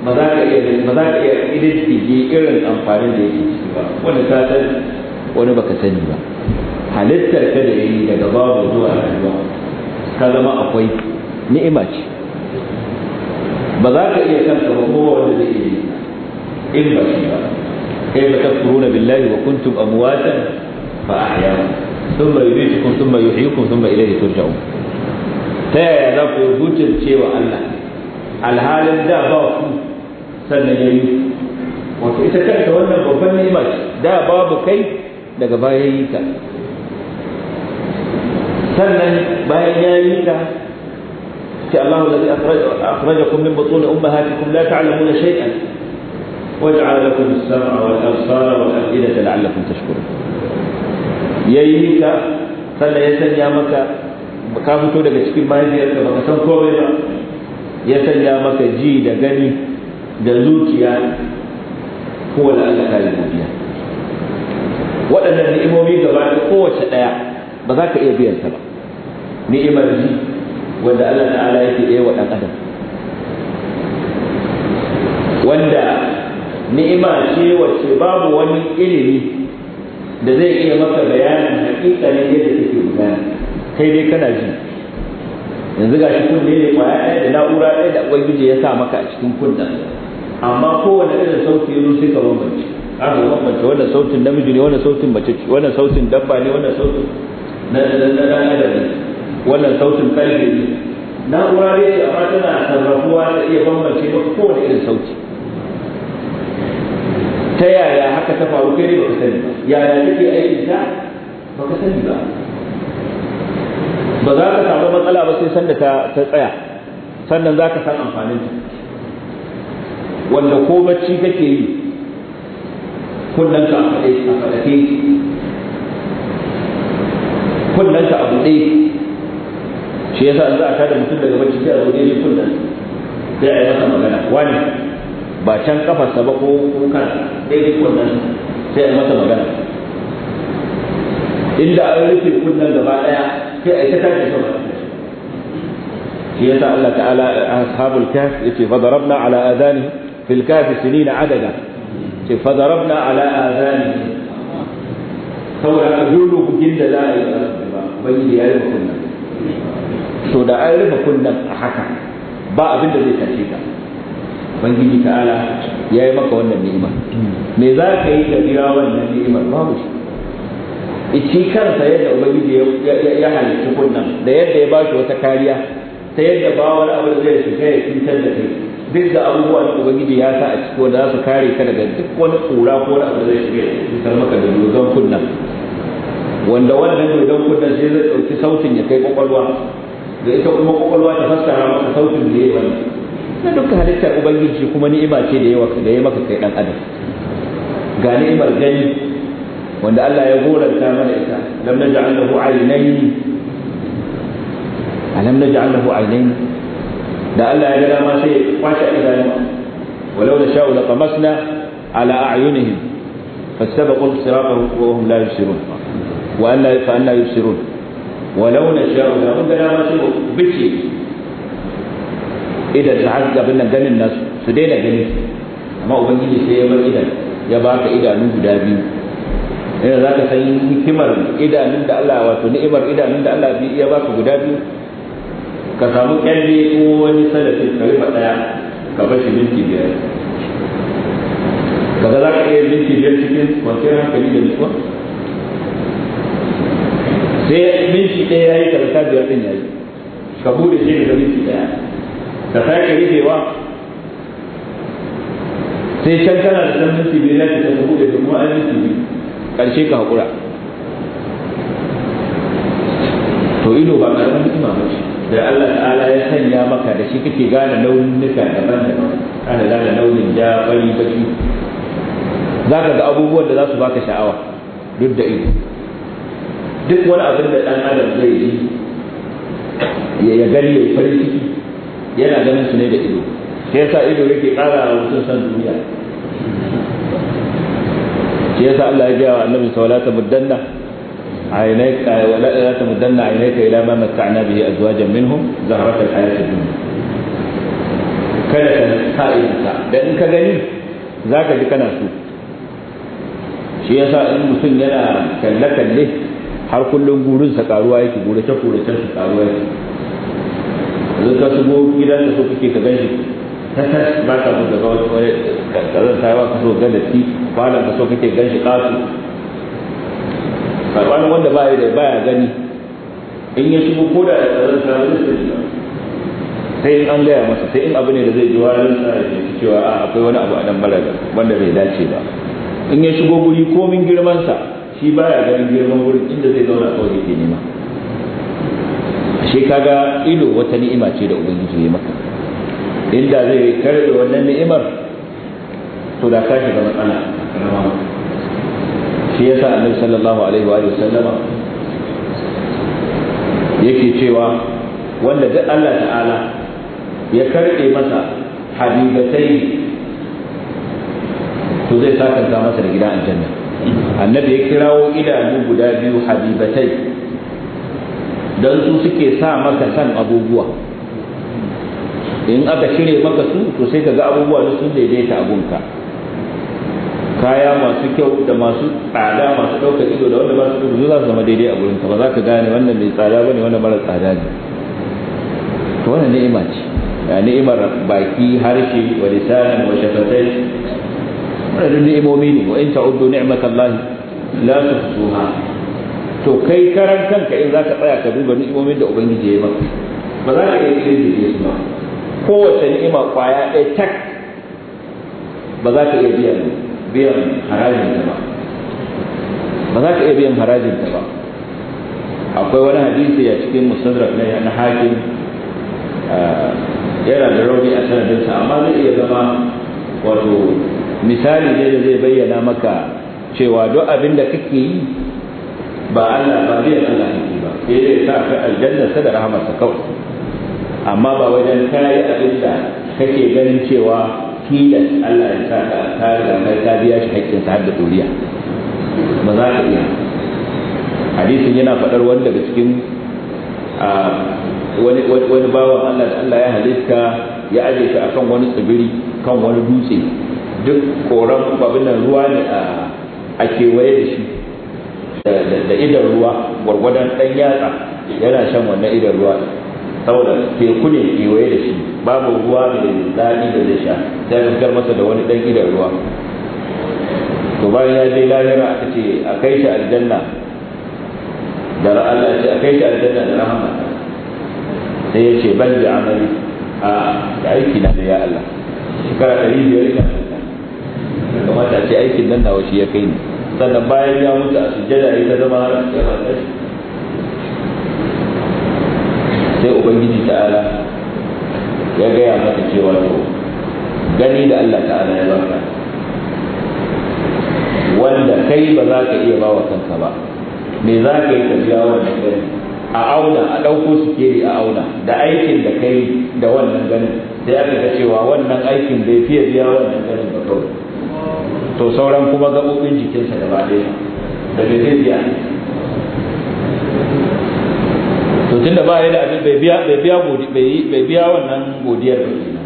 ba za ka iya ba za ka iya ididdige irin amfanin da yake ciki ba wani ka san wani baka sani ba halittar ka da yi daga babu zuwa rayuwa ka zama akwai ni'ima ce ba za ka iya kanka ba kowa wanda zai iya in ba shi ba كيف تكفرون بالله وكنتم أمواتا فأحياكم ثم يميتكم ثم يحييكم ثم ta yaya za ku يبوتر cewa allah. alhalin da ba ku sannan ya yi wato ita kanta wannan babban ni'ima da babu kai daga baya yi ta sannan bayan ya yi ta ce Allah da zai akhrajakum min butun ummahatikum la ta'lamuna shay'an waj'ala lakum as-sam'a wal absara wal af'idata la'allakum tashkurun yayi ka sannan ya sanya maka ka fito daga cikin mahaifiyarka baka san komai ba ya sanya maka ji da gani da zuciya ko wala Allah ta godiya waɗannan ni'imomi gaba da kowace ɗaya ba za ka iya biyan ta ba ni'imar ji wanda Allah ta'ala yake iya wa ɗan adam wanda ni'ima ce wacce babu wani ilimi da zai iya maka bayanin hakikalin yadda take gudana kai dai kana ji yanzu ga shi kunne ne kwaya ɗaya da na'ura ɗaya da ubangiji ya sa maka a cikin kunnen amma kowane irin sauti ya zo sai ka bambance ka bambance wannan sautin namiji ne wannan sautin mace ce wannan sautin dabba ne wannan sautin na na da ne wannan sautin karfe ne na'ura dai ce amma tana sarrafuwa ta iya bambance maka kowane irin sauti ta yaya haka ta faru kai ne baka sani yaya take aikin ta baka sani ba ba za ka samu matsala ba sai sanda ta tsaya sannan za ka san amfanin ta wanda ko bacci kake yi kullum a faɗake kullum ka abu ɗaya shi yasa za a tada mutum daga bacci sai a zo daidai kullum sai a yi masa magana wani ba can kafarsa ba ko kan daidai kullum sai a yi masa magana inda an rufe kullum gaba ɗaya sai a ita tashi sama shi yasa Allah ta'ala ashabul kahf yace fa darabna ala adani fil kahf sinina adada ce fa darabna ala adani saboda da za a yi ba ya rufe to da an rufe a haka ba abin da zai tashi ka ta'ala ya yi maka wannan me za ka yi da jira wannan ni'imar babu shi shi kansa yadda ubangiji ya halitta kunnan da yadda ya bashi wata kariya ta yadda ba wani abu da zai shiga ya cutar da kai duk da abubuwa da ubangiji ya sa a ciki wanda za su kare ka daga duk wani kura ko wani abu da zai shiga ya cutar maka da dogon kunnan wanda wannan dogon kunnan sai zai ɗauki sautin ya kai kwakwalwa da ita kuma kwakwalwa ta fassara maka sautin da ya wani na duka halittar ubangiji kuma ni'ima ce da ya maka kai dan adam ga ni'imar gani wanda Allah ya goranta mana ita lam naj'al lahu aynayn alam naj'al lahu aynayn da Allah ya ga ma sai kwashe idanuwa walau da sha'u laqamasna ala a'yunihim fastabaqu sirata wa hum la yusirun wa anna fa anna yusirun walau da sha'u da mun ga ma sai bice idan ta hazza bin ganin nasu su daina ganin amma ubangiji sai ya bar idan ya baka idanu guda biyu yana eh, za ka san hikimar idanun da Allah wato ni'imar idanun da Allah ya baka guda biyu ka samu kyalle ko wani salafi ka rufe daya ka bar shi minti biyar kaga za ka iya minti biyar cikin kwanciyar hankali da nutsuwa sai minti ɗaya ya yi karanta biyar ɗin ya yi ka bude shi daga minti ɗaya ka sake rufewa sai can kana da san minti biyar ya ce ka bude da kuma an minti biyu Karshe ka haƙura to ido ba ƙaramin hikima ba da Allah ta'ala ya sanya maka da shi kake gane launin nuka daban daban ana gane launin ja bari baki za ka ga abubuwan da za su baka sha'awa duk da ido duk wani abin da ɗan adam zai yi ya gani ya farin ciki yana ganin su ne da ido sai yasa ido yake ƙara wa mutum san duniya shi yasa Allah ya ga annabi sallallahu alaihi wasallam عينيك لا تمدن عينيك الى ما متعنا به ازواجا منهم زهرة ad-dunya kada ka sa'insa da in ka gani za ka ji kana so shi ya sa in mutum yana kalle-kalle har kullum gurinsa karuwa yake ta gurace su karuwa yake zaka su go gidan da su kike ka gani ta tashi ba ka buga ga wani wani kazan ta ba ka so ga da ti kwanan ka so kake gan shi kasu kwanan wanda ba da baya gani in ya shigo ko da da kazan ta zai ta shiga sai in an gaya masa sai in abu ne da zai ji wa warin sa ya ji cewa a akwai wani abu a nan mara wanda bai dace ba in ya shigo guri komin girman sa shi baya ganin girman wurin inda zai zauna kawai yake nema ashe kaga ido wata ni'ima ce da ubangiji ya maka inda zai karbe wannan ni'imar to da kashi ga matsala shi ya sa annabi sallallahu alaihi wa sallama yake cewa wanda duk Allah ta'ala ya karbe masa habibatai to zai sakanta masa da gida aljanna annabi ya kirawo idanu guda biyu habibatai don su suke sa maka san abubuwa in aka shirya maka su to sai ka ga abubuwa da sun daidaita abunka kaya masu kyau da masu tsada masu ɗauka ido da wanda ba su ɗaukar za su zama daidai a gurinka ba za ka gane wannan mai tsada ba ne wannan mara tsada ne to wannan ni'ima ce ya ni'imar baki harshe wa lisanin wa shafatai wannan ni'imomi ne wa in ta'uddu ni'matallahi la tuhsuha to kai karan kanka in za ka tsaya ka duba ni'imomin da ubangiji ya yi maka ba za ka iya yin da su ba kowace ni'ima kwaya ɗaya tak ba za ka iya biyan biyan harajin ta ba ba za ka iya biyan harajin ta ba akwai wani hadisi a cikin musadrak na hakin eh, yana da rauni a sanadinsa amma zai iya zama wato misali ne da zai bayyana maka cewa duk abin da kake yi ba Allah ba biyan Allah kake ba sai dai sa ka aljanna sa da rahmatsa kawai amma ba wajen kayi abin da kake ganin cewa tilas Allah ya sa ka ka riga ta biya shi haƙƙin sa da duniya ba za ka iya hadisin yana faɗar wani daga cikin wani wani bawan Allah Allah ya halitta ya aje shi akan wani tsibiri kan wani dutse duk koran babin ruwa ne a a kewaye da shi da idan ruwa gwargwadon ɗan yatsa yana shan wannan idan ruwa saboda teku ne kewaye da shi babu ruwa da daɗi da zai sha sai fitar masa da wani ɗan gidan ruwa to bayan ya je lahira aka ce a kai shi aljanna da Allah ce a kai shi aljanna da rahama sai ya ce ban da amali a da aiki na da ya Allah shekara ɗari biyar ina kamata ce aikin nan nawa shi ya kai ni sannan bayan ya mutu a sujjada ya zama har ya fara sai ubangiji ta'ala ya gaya masa cewa to gani da Allah ta'ala ya baka wanda kai ba za ka iya ba wa kanka ba me za ka yi tafiya wannan gani a auna a ɗauko su keri a auna da aikin da kai da wannan ganin sai aka ga cewa wannan aikin bai fiye biya wannan ganin ba kawai to sauran kuma gaɓoɓin jikinsa ba ɗaya da bai zai biya to tunda ba ya da abin bai biya bai biya bai bai biya wannan godiyar ba kenan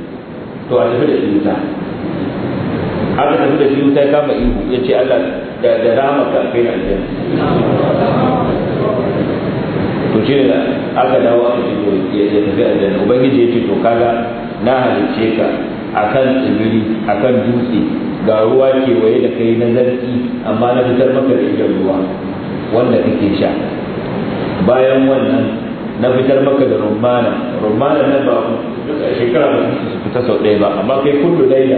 to a tafi da shi wuta aka tafi da shi wuta kama ihu ya ce Allah da da rama ka kai na aljanna to shi ne aka dawo aka ce ya tafi aljanna ubangiji ya ce to kaga na halice ka akan tsibiri akan dutse ga ruwa kewaye da kai na zarki amma na fitar maka da ruwa wanda kake sha bayan wannan na fitar maka da rumana rumana nan ba a shekara ba su fita sau ɗaya ba amma kai kullu laila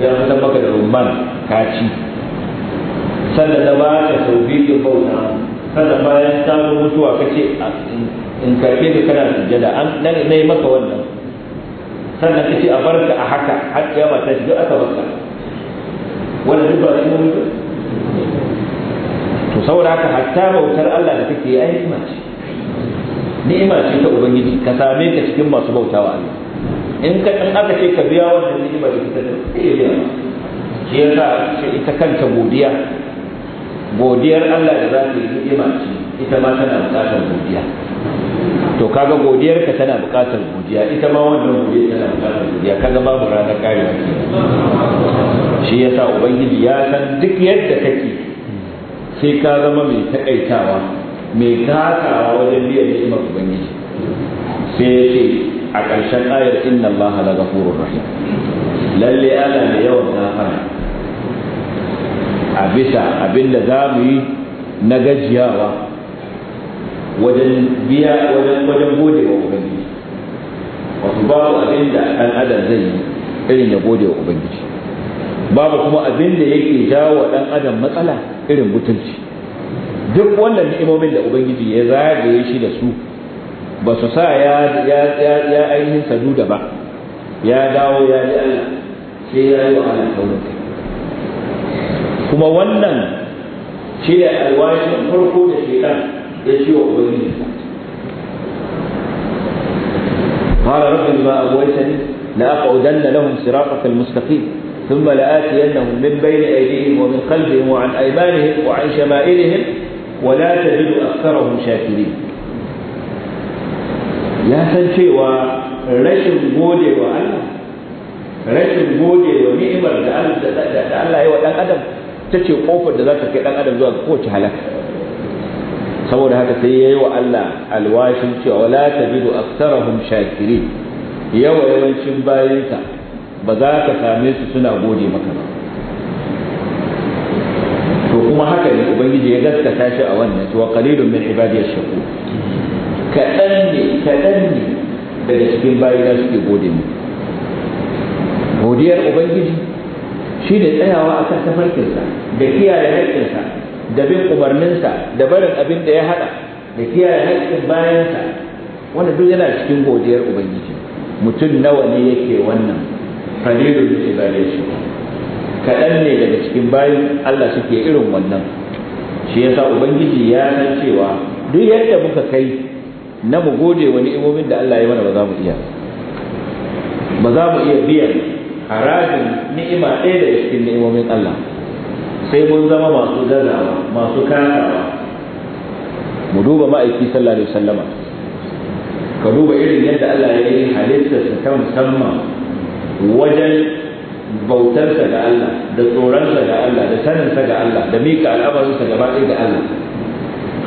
sai fitar maka da rumana ka ci sannan na ba ka sau biyu bauta sannan bayan samun mutuwa ka ce ah, in karfe ka kana sujjada an na yi maka wannan sannan ka ce a ka a haka har ba ta shiga aka baka wanda duk ba shi mutu to saboda haka hatta bautar Allah da kake yi a hikima ce ni'ima ce ta ubangiji ka same ka cikin masu bautawa ne in ka in aka ce ka biya wannan ni'ima da ta iya biya shi yasa ce ita kanta godiya godiyar Allah da za ta yi ni'ima ce ita ma tana buƙatar godiya to kaga godiyar ka tana buƙatar godiya ita ma wannan godiya tana buƙatar godiya kaga babu ranar kare ke shi yasa ubangiji ya san duk yadda kake sai ka zama mai takaitawa mai takawa wajen biyan ni'imar ubangiji sai ya ce a ƙarshen ayar inna allaha la ghafurur rahim lalle ana da yawan gafara a bisa abinda za mu yi na gajiyawa wajen biya wajen wajen gode wa ubangiji wato babu abin da ɗan adam zai yi irin ya gode wa ubangiji babu kuma abin da yake jawo wa ɗan adam matsala irin mutunci duk wannan ni'imomin da ubangiji ya zagaye shi da su ba su sa ya ya ya ya ainihin sadu da ba ya dawo ya ji Allah sai ya yi wa Allah kuma wannan shi ne alwashin farko da shaitan ya ci wa ubangiji قال رب بما أغويتني لأقعدن لهم صراطك المستقيم ثم لآتينهم من بين أيديهم ومن خلفهم وعن أيمانهم وعن شمائلهم wala tajidu aktharahum shakirin ya san cewa rashin gode wa Allah rashin gode wa ni'imar da Allah ya wa dan adam ta ce kofar da za ta kai dan adam zuwa ga kowace halaka saboda haka sai ya yi wa Allah alwashin cewa wala ta tajidu aktharahum shakirin yawa yawancin bayinsa ba za ka same su suna gode maka ba wanda ya gaskata shi a wannan wa qalilun min ibadiyash shakur kadan ne kadan ne daga cikin bayina suke gode ne. godiyar ubangiji shi ne tsayawa a kan tafarkinsa da kiyaye haƙƙinsa da bin umarninsa da barin abin da ya haɗa da kiyaye haƙƙin bayansa wanda duk yana cikin godiyar ubangiji mutum nawa ne yake wannan qalilun min ibadiyash shakur kaɗan ne daga cikin bayan Allah suke irin wannan shi yasa ubangiji ya san cewa duk yadda muka kai na mu gode wa ni'imomin da Allah ya mana ba za mu iya ba za mu iya biyan harajin ni'ima ɗaya daga cikin ni'imomin Allah sai mun zama masu gazawa masu kasawa mu duba ma'aiki sallallahu alaihi wasallama ka duba irin yadda Allah ya yi halittarsa ta musamman wajen bautarsa ga Allah da tsoronsa ga Allah da saninsa ga Allah da mika al'amarinsa gaba ɗaya ga Allah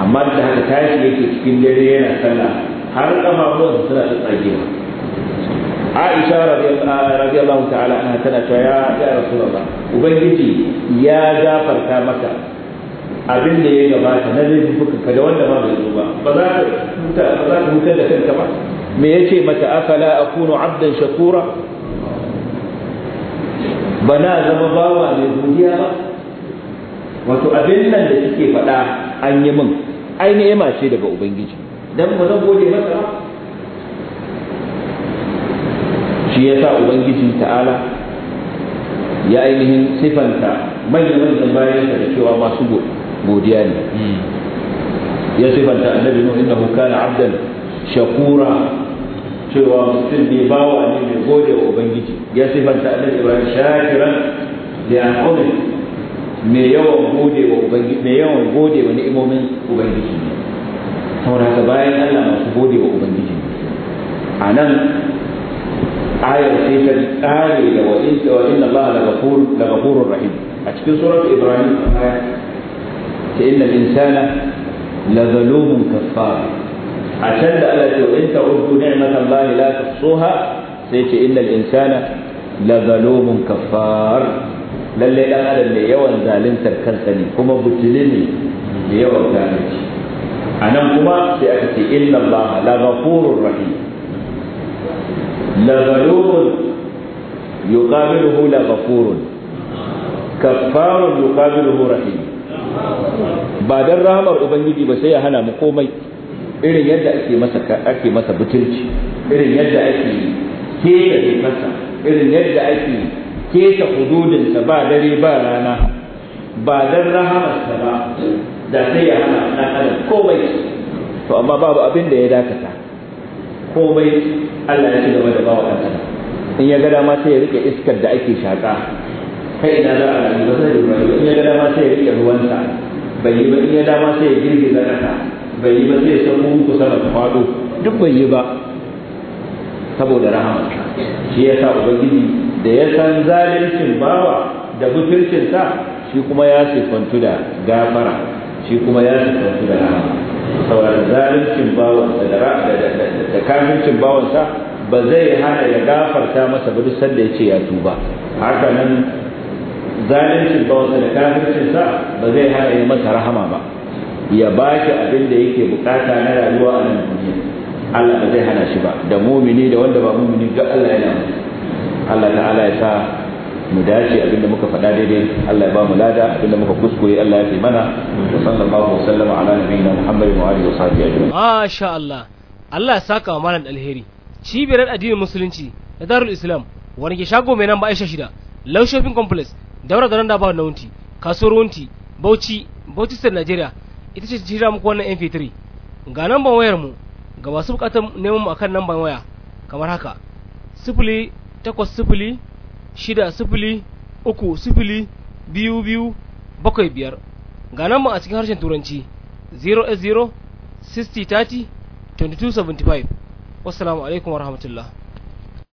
amma da haka tashi yake cikin dare yana sallah har kama kafafuwansa suna tsagewa Aisha radiyallahu ta'ala anha tana cewa ya ya Rasulullah ubangiji ya gafarta maka abin da ya gabata na zai fuka ka da wanda ba zai zo ba ba za ka huta ba za ka huta da kanka ba me yace mata afala akunu abdan shakura Bana na zama bawa mai godiya ba wato abin nan da suke faɗa an yi min ai ni'ima ce daga ubangiji dan ba zan gode masa ba shi yasa ubangiji ta'ala ya ainihin sifanta manyan manyan bayan da cewa masu godiya ne hmm. ya sifanta annabi nuhu innahu kana abdan shakura cewa mutum ne bawa ne mai gode wa ubangiji ya sifanta annabi ibrahim shakiran li an'ami mai yawan gode wa ubangiji mai yawan gode wa ni'imomin ubangiji saboda haka bayan Allah masu gode wa ubangiji a nan ayar sai ta kare da wa in wa inna Allah la ghafur la ghafurur rahim a cikin surat ibrahim aya ta inna al-insana la zalumun kaffar a can da Allah ce in ta'uddu ni'matallahi la tuhsuha sai ce innal insana la zalumun kaffar lalle dan adam ne yawan zaluntar kansa ne kuma butuli ne da yawan zalunci anan kuma sai aka ce inna allaha la ghafurur rahim la zalumun yuqabiluhu dan rahamar ubangiji ba sai ya hana mu komai irin yadda ake masa ake masa butulci irin yadda ake keta masa irin yadda ake keta hududinsa ba dare ba rana ba dan rahamarsa ba da sai ya hana na adam komai to amma babu abin da ya dakata komai Allah ya ci gaba da bawa kansa in ya ga dama sai ya rike iskar da ake shaka kai ina za a rayu ba yi rayu in ya ga dama sai ya rike ruwansa bai yi ba in ya dama sai ya girgiza kasa bai yi ba zai san muku sama ta fado duk bai yi ba saboda rahama shi yasa ubangiji da ya san zalincin bawa da mutuncin sa shi kuma ya sifantu da gafara shi kuma ya sifantu da rahama saboda zalincin bawa da da kafircin bawan sa ba zai hana ya gafarta masa ba duk sanda ya ce ya tuba haka nan zalincin bawansa da kafircin sa ba zai hana ya masa rahama ba ya ba shi abin da yake bukata na rayuwa a nan duniya Allah ba zai hana shi ba da mumini da wanda ba mumini ga Allah yana musu Allah ta'ala ya sa mu dace da muka faɗa daidai Allah ya ba mu lada abin da muka kuskure Allah ya fi mana wa sallallahu wa sallama ala nabiyina Muhammadin wa alihi wa sahbihi ajma'in masha Allah Allah ya saka wa malam alheri cibiyar addinin musulunci da darul islam wani ke shago mai nan ba Aisha shida Law Shopping Complex daura da da ba Naunti kasuwar Wunti Bauchi Bauchi State Nigeria ita ce jira muku wannan mp3 ga namban wayar mu ga masu bukatar neman mu akan namban waya kamar haka sifili takwas sifili shida sifili uku sifili biyu biyu bakwai biyar ga namban a cikin harshen turanci 0 2275 wassalamu alaikum warahmatullahi